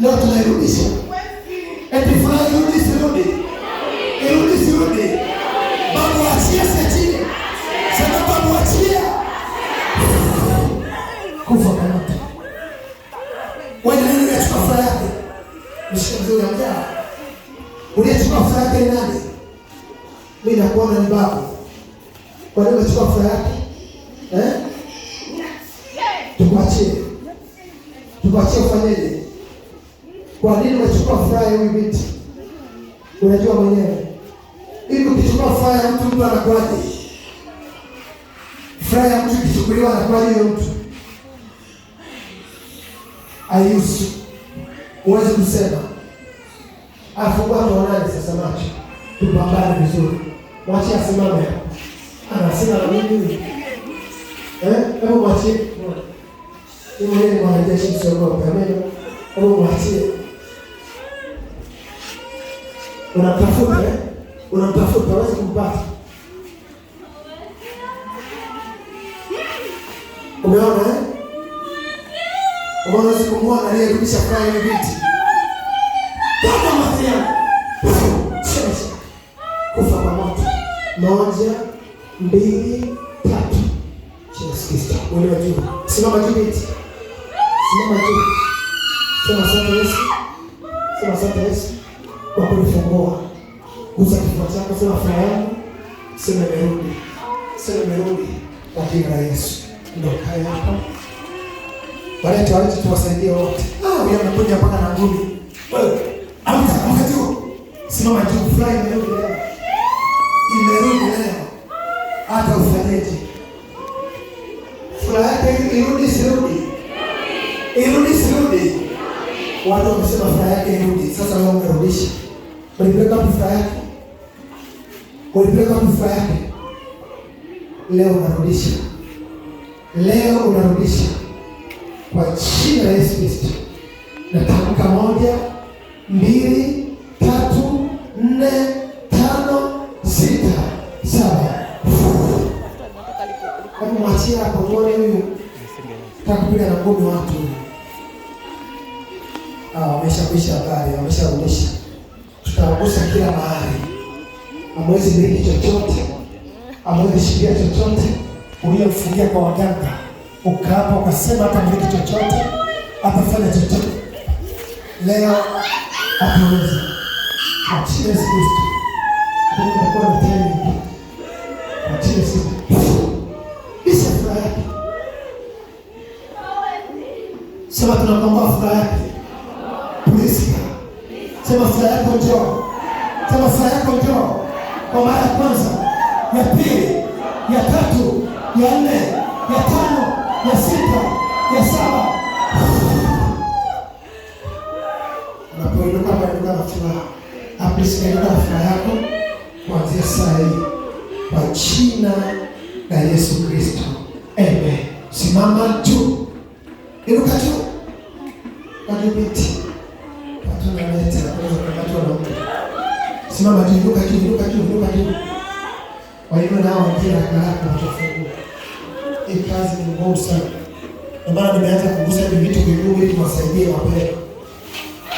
leo tunairudisha, eti furaha irudi, sirudi, irudi, sirudi. Babu achia sechini, sema babu achia kufa kwa mtu. wewe, ni nani unachukua furaha yake. Mshikaji wa mjaa uliyechukua furaha yake nani? Mimi nakuona ni babu. Kwa nini unachukua furaha yake eh? Tukuachie, tukuachie ufanyeje? Kwa nini unachukua furaha ya huyu binti? Unajua mwenyewe hivi, ukichukua furaha ya mtu mtu anakuwaje? Furaha ya mtu ikichukuliwa anakuwaje huyo mtu? Ayusu huwezi kusema. Alafu bwana wanaje sasa, macho tupambane vizuri, mwache asimame hapo, anasema na eh, hebu mwache mwenyewe mwanajeshi msiogope, amina, hebu mwachie unamtafuta eh? Unamtafuta hawezi kumpata. Umeona eh? Umeona siku mwana aliyerudisha furaha ile binti. Kama Maria. Sasa. Kufa pamoja. Moja, mbili, tatu. Yesu Kristo. Wewe juu. Simama juu binti. Simama juu. Sema asante Yesu. Sema asante Yesu wa kunifungua. Gusa kifua chako, sema furaha yangu, sema imerudi, sema imerudi kwa jina la Yesu. Ndio kaya hapa wale tawali, tuwasaidie wote. Ah, wewe unakuja mpaka na ngumi wewe, amka amka tu, simama juu, furaha imerudi leo, imerudi leo, hata ufanyeje, furaha yake irudi, sirudi, irudi, sirudi Watu wamesema furaha yake irudi. Sasa wewe umerudisha. Ulipeleka furaha yake. Ulipeleka furaha yake. Leo unarudisha. Leo unarudisha. Kwa jina la Yesu Kristo. Natamka moja, mbili, tatu, nne, tano, sita, saba. Hebu hapo tuone huyu. Takupiga na ngumi watu. Ah, wameshakwisha habari, wamesharudisha. Tutawagusa kila mahali, amwezi miliki chochote, amwezi shikilia chochote uliyemfungia kwa waganga, ukaapa ukasema hata atamiliki chochote, atafanya chochote, leo ataweza. Achie Yesu Kristo, utakuwa na tani. Achie Yesu Kristo, sema tunakomboa furaha yake Sema furaha yako njoo, sema furaha yako njoo, kwa mara ya kwanza, ya pili, ya tatu, ya nne, ya tano, ya sita, ya saba. Unapoinuka na furaha, furaha yako kuanzia saa hii, kwa jina la Yesu Kristo, amen. Simama tu, inuka tu, kajibiti Simama tu, inuka tu, inuka tu, inuka tu. Walimu nao wambie haraka haraka utafungua. Hii kazi ni ngumu sana. Ndio maana nimeanza kugusa hivi vitu vigumu ili tuwasaidie mapema.